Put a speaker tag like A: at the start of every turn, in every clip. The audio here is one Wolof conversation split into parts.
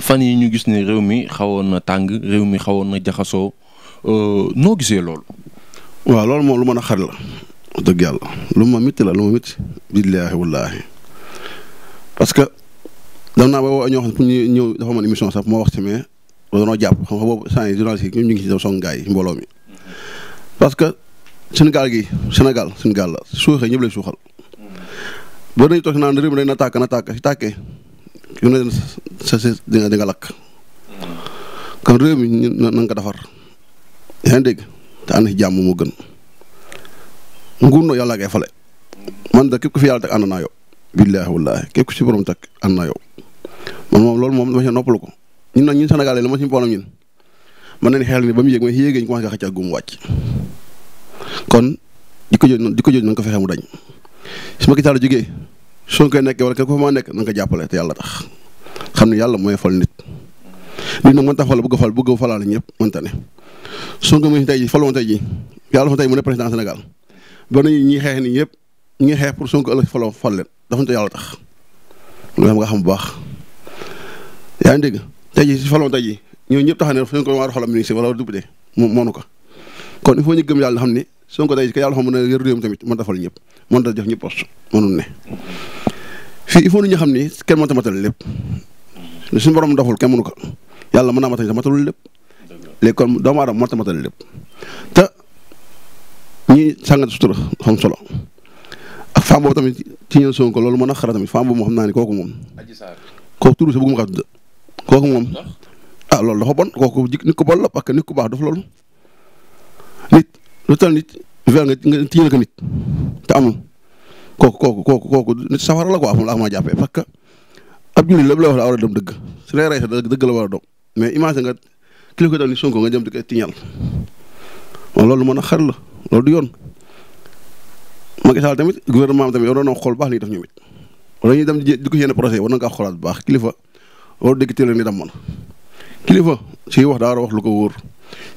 A: fan yi ñu gis ne réew mi xawoon na tàng réew mi xawoon na jaxasoo euh, noo gisee loolu. waaw loolu moom lu mën a xar la. dëgg yàlla lu ma mitti la lu ma mitti. billaahi wallaahi parce que dam naa boo ñoo xam pour ñu ñëw dafa man émission sax moo wax ci mais dañoo jàpp xam nga boobu saa yi journaliste yi ñu ngi ci song gaay yi mbooloo mi. parce que suñu gaal gi Sénégal suñu gaal la suuxee ñëpp lay suuxal. boo dañuy toog naan réew mi day na tàkk na tàkk si tàkkee. yu ne sa sa di nga lakk kon réew mi ñu na nga ko defar yaa ngi dégg te ànd ci jàmm moo gën nguur noo yàlla ngay fale man da képp ku fi yàlla teg ànd naa yow. billaahi wallaahi képp ku ci borom teg ànd naa yow man moom loolu moom dama ci noppalu ko ñun nag ñun Sénégalais la ma ci problème ma man nañu xel ni ba mu yéeg mooy yéegee ñu commencé nga xëcc ak gum wàcc kon di ko jooju di ko jooju na fexe mu dañ su ma gisaa la jógee soo koy nekkee wala kenn ko fa maa nekk na ko jàppale te yàlla tax xam ne yàlla mooy fal nit. nit nag mën tax fal bëgg fal bëgg falaale ñëpp mënta ne soo ko mën tey jii faloon tey jii yàlla dafa tey mu ne président Sénégal ba nañu ñi xeex nii ñëpp ñi xeex pour Sonko ëllëg faloo fol leen dafa ñu te yàlla tax loolu xam nga xam bu baax yaa ngi dégg tey jii si faloon tey jii ñooñu ñëpp tax ne Sonko war a xolam ministre wala député moom moonu ko kon il faut ñu gëm yàlla xam ni Sonko day ko yàlla xam ne yor réew mi tamit mën dafal ñëpp mën da jox ñëpp poste fii il faut ñu xam ni kenn mënta matal lépp suñu borom daful kenn mënu ko yàlla mën naa matal sax lépp léegi kon doomu aadama mënta matal lépp ñi sàngat sutura xam solo ak femme boobu tamit ci ñoom Sonko loolu mën a xara tamit femme boobu moo xam naa ni kooku moom kooku turu sa bëgguma xaa tudd kooku moom ah loolu dafa bon kooku jik nit ku bon la parce nit ku baax daf loolu nit lu tal nit ver nga nga tiyal ko kooku kooku kooku la quoi amul ak ma parce que la wax la dëgg su lay dëgg la war a mais imagine nga kilifa ko dal ni Sonko nga jëm loolu mën a xar la loolu du yoon Macky Sall tamit gouvernement tamit waroon na xool baax li ñuy def ñoom it wala ñuy dem di ko yenn projet war na ngaa xoolaat bu baax kilifa warul dëgg teel a ni dam man kilifa si wax daa war a wax lu ko wóor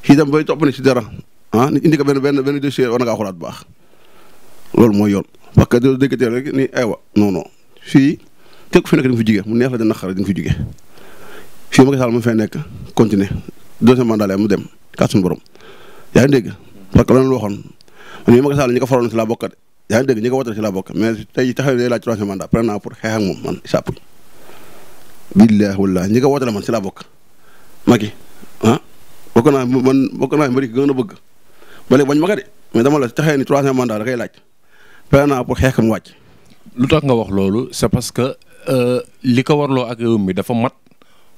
A: si dem bay topp ni si dara ah nit indi ko benn benn benn dossier war loolu mooy yoon parce que doo dëkk ni aywa non non fii teg ku fi nekk di nga fi jugee mu ne la dana xare di nga fi jugee fii Macky Sall mu fay nekk continuer deuxième mandat la mu dem kaat borom yaa ngi dégg parce que loolu waxoon man mii Macky Sall ñi ko faroon si la bokkat yaa ngi dégg ñi ko wotal si la bokk mais tey taxaw day laaj troisième mandat pare naa pour xeex ak moom man sàppuñ billahi ñi ko wotal man si laa bokk Macky ah bokk naa man bokk naa mbëri gën a bëgg ba léegi bañ ma mais dama la ni troisième mandat da koy laaj pare naa pour wàcc. lu tax nga wax loolu c'est parce que euh, li ko warloo ak réew mi dafa mat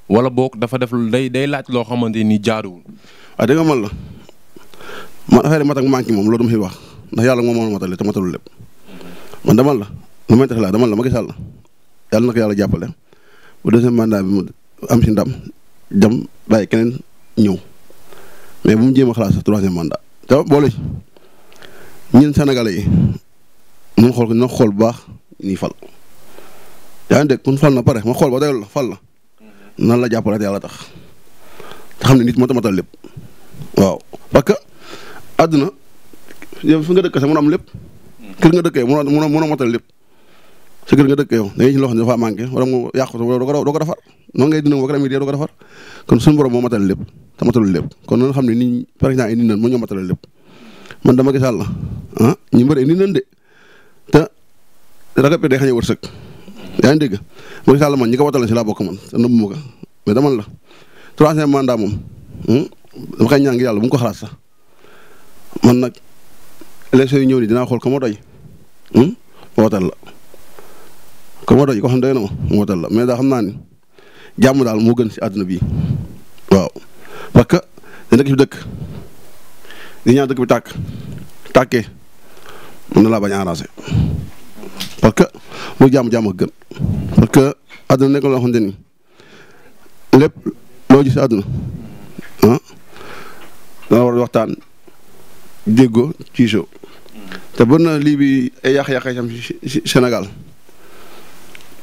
A: wala boog dafa def day day laaj loo xamante ni jaaduwul. waaw ah, man la man mat ak manqué moom loolu dama fi wax ndax yàlla moom moo matale te matalul lépp man dama la nu may tax laa dama la ma gisal la yàlla yàlla jàppale bu deuxième mandat bi mu am si ndam dem bàyyi keneen ñëw mais bu mu jéem a xalaat sax mandat. te boole ñun sénégalais yi mun xool ko na xool bu baax ñuy fal yaa ngi dégg kun fal na pare ma xool ba doyul la fal la nan la jàppale te yàlla tax te xam ne nit moo tamatal lépp waaw parce que àdduna yow fi nga dëkk sax mun am lépp hmm. kër nga dëkkee mun a mun a motal lépp sa kër nga dëkk yow da ngay loo xam ne dafa manqué wala ko defar noonu ngay dina wala dam dee doo ko defar kon suñu borom moo par exemple ay man dama gisal la ah, ñu mbër ay nit de te ragal bi day a wërsëg yaa ma la ñi ko watal si laa bokk man te nëbb ma ko mais dama la troisième mandat moom hmm, ngi yàlla bu mu ko xalaat sax man nag élection yi ñëw nii dinaa xool ko ma doy wootal hmm, la ko moo doj ko xam na moo tal xam naa ni jàmm daal moo gën si àdduna bi waaw parce que da nekk si dëkk di ñaan dëkk bi tàkk tàkkee mën na laa bañ a parce que mu jàmm jàmm ak parce que àdduna nekk loo xamante ni lépp loo si àdduna ah dana war waxtaan déggoo ciisoo hmm. te bari na lii bi ay yàq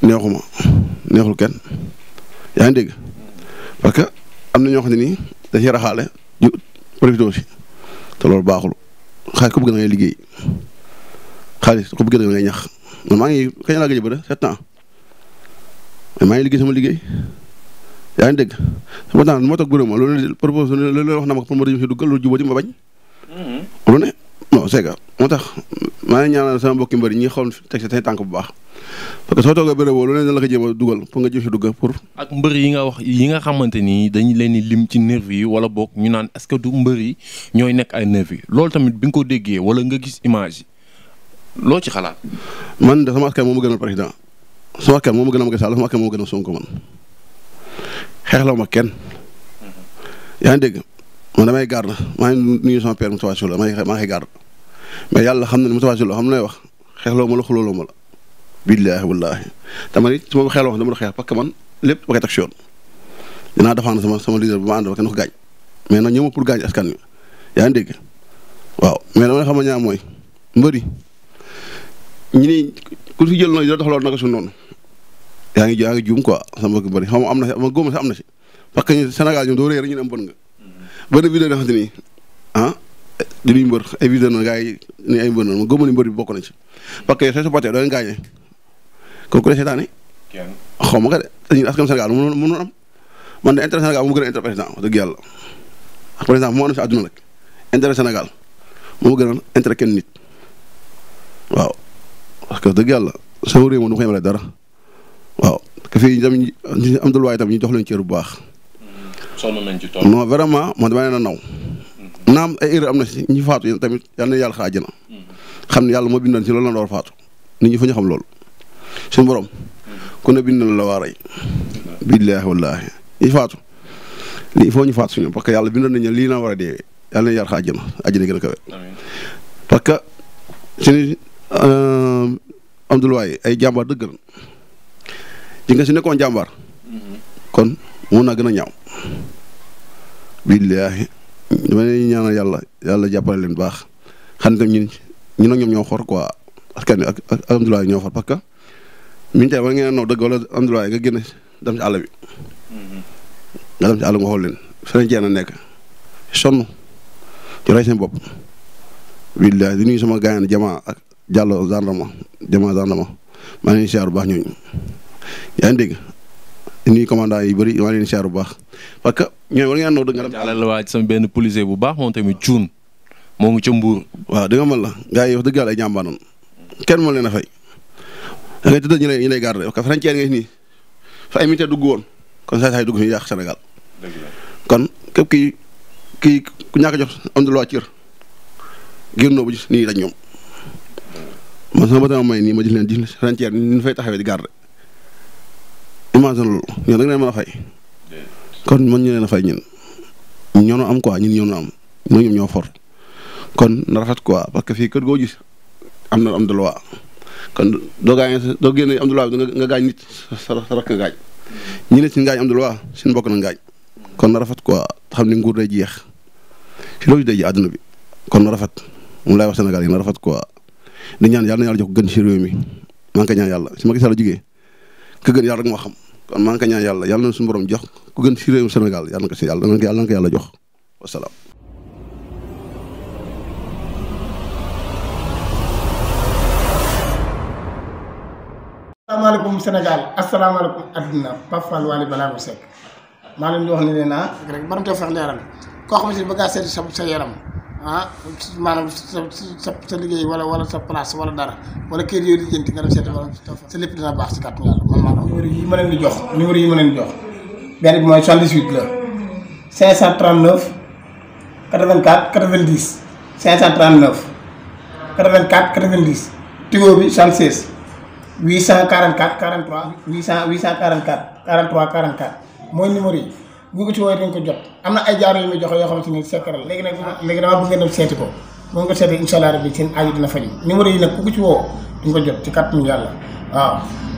A: neexuma neexul kenn yaa ngi dégg parce que am na ñoo xam ne nii da ciy raxaale ju profité te loolu baaxul xaalis ku bëgg na ngay liggéey xaalis ku bëgg na ngay ñax man maa ngi kañ laa gëj a bëre temps ans maa ngi liggéey sama liggéey yaa ngi dégg sama temps nu ma toog bëre ma loolu proposé loolu wax na ma ko pour ma dem si duggal loolu jubóoti ma bañ.
B: Mm-hmm.
A: lu non c'est que moo tax maa ngi ñaanal sama mbokki mbër ñi xool teg seen tànk bu baax parce que soo toogee bërëb boobu lu leen la ko jéem a dugal pour nga jëf si dugg pour. ak mbër yi nga wax yi nga xamante ni dañu leen di lim ci nerf yi wala boog ñu naan est-ce que du mbër yi ñooy nekk ay nerf loolu tamit bi nga ko déggee wala nga gis image yi loo ci xalaat. man de sama askan moom ma gën gënal président sama askan moom ma gën a Macky Sall sama askan moo ma gënal Sonko man xeexloo ma kenn mhm. yaa man damay garde maa ngi nuyu sama père Moustapha Sylla maa ngi maa ngi garde mais yàlla xam na ne Moustapha Sylla xam lay wax xeexloo ma la xuloo ma la. billaahi wallaahi dama ni su ma ko xeexloo wax dama la xeex parce que man lépp ba koy teg si yoon dinaa défendre sama sama leader bu ma ànd ba kenn ko gaañ mais nag ñëw pour gaañ askan wi yaa ngi waaw mais dama xam ne ñaar mooy mbëri ñi ni ku fi jël noonu dina doxaloon naka ngi yaa ngi juum quoi sama mbokk mbëri xaw ma am na si ma góob si am na si parce que Sénégal ñoom doo réer ñu ne am bon nga. benn vidéo yoo xamante ni ah du ñuy mbër ay vidéo noonu gars yi ni ay mbër noonu ma gëmm ni mbër bi bokk na ci parce que sooy supporté doo leen gaañee kon ku ne seetaane. kenn xaw ma ko de te ñun askan Sénégal mënoon mënoon am man de intérêt Sénégal moom gën a intérêt président wax dëgg yàlla président moo am si àdduna rek intérêt Sénégal moom gën a intérêt kenn nit waaw parce que dëgg yàlla sama réew moom du ma ko yemale dara waaw te fii tam am dul waaye tam ñu jox leen cër bu baax. sonn nañ ci tool non vraiment a naw. naam ay erreur am na si ñi faatu yéen tamit yal na yàlla xaajana. xam ne yàlla moo bindoon si loolu la door faatu nit ñi fa ñu xam loolu. suñu borom. ku ne bindoon la waa rey. billaahi wallaahi ñi faatu. lii ñu faatu suñu parce que yàlla bindoon nañu lii naa war a deewee yàlla na yàlla xaajana àjjana gën a kawe. parce que suñu euh, Amdoulaye ay jàmbaar dëgg la. ji si nekkoon jàmbaar. Mhm. kon. mun naa gën a ñaaw. billaahi dama leen ñaanal yàlla yàlla jàppale leen baax xam ne tam ñun ñun ak ñoom ñoo xor quoi askan ak ak alhamdulilah ñoo xor parce que ñun tey war ngeen a noo dëgg wala alhamdulilah nga génn dem ci àll bi. Mm-hmm. nga dem ci àll nga xool leen fi lañ a nekk sonn ci rey seen bopp. billaahi di nuyu sama gaañan jamaa ak jàllo gendarme jamaa gendarme maa ngi leen di siyaar baax ñooñu yaa ngi nuyu commandant yi bëri maa leen siyaar bu baax parce que ñoom war ngeen noo dëgg nga dem. sama benn policier bu baax moom tamit cuun moo ngi ca mbuur. waaw danga mën la gars yi wax dëgg yàlla ay jàmbaanoon kenn moo leen a fay da ngay tëdd ñu lay ñu lay garder nii fa ay militaire dugg woon kon saa saa yi dugg fi ku ñàkk jox am na loo cër génnoo ba gis nii dañ ñoom mm. man sama fay taxawee di garder ma loolu a fay kon ma ñu leen a fay ñun ñoo am quoi ñun ñoo am ñoo ñoom ñoo for kon na rafet quoi parce que fii kër goo gis am na am de loi kon doo gaañ doo génne am de loi bi nga gaañ nit sa rakk nga gaañ ñi ne si ngaañ am de loi suñu bokk na ngaañ kon na rafet quoi xam ni nguur day jeex si loolu day ji àdduna bi kon na rafet mu lay wax Sénégal yi na rafet quoi di ñaan yàlla na yàlla jox gën si réew mi maa ngi ñaan yàlla si ma gis yàlla jugee ka gën kon maa ngi ko yàlla yàlla na suñu borom jox ku gën ci réewum Sénégal yàlla na ko si yàlla na ko yàlla jox wasalaam.
B: asalaamaaleykum Sénégal asalaamaaleykum adduna Pape Fall Waly maa leen di wax ne leen ah rek mën nga fex leeral koo xam si bëgg a sa yaram. ah maanaam sa sa liggéey wala wala sa place wala dara wala kër yooyu lijjanti nga dem seet wala sa lépp dina baax si kàttan yàlla man jox numéro yi ma leen di jox benn bi mooy 78 la 539 84 90 539 84 90 Tigo bi 76 844 43 800 844 43 44 yi. bu ko ci woowee dañ ko jot am na ay jaaro yu muy joxe yoo xamante ni secret léegi nag léegi damaa bëgg a dem seeti ko bu nga seeti incha allah rabbi seen aaju dina faju yi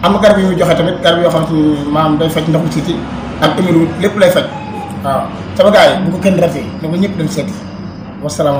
B: am na garab yu muy joxe tamit garab yoo xamante ni maam day faj ndoxu siiti ak émiru lépp lay faj waaw sama gars bu ko kenn ratee ne ko ñëpp dem seeti wasalaamaaleykum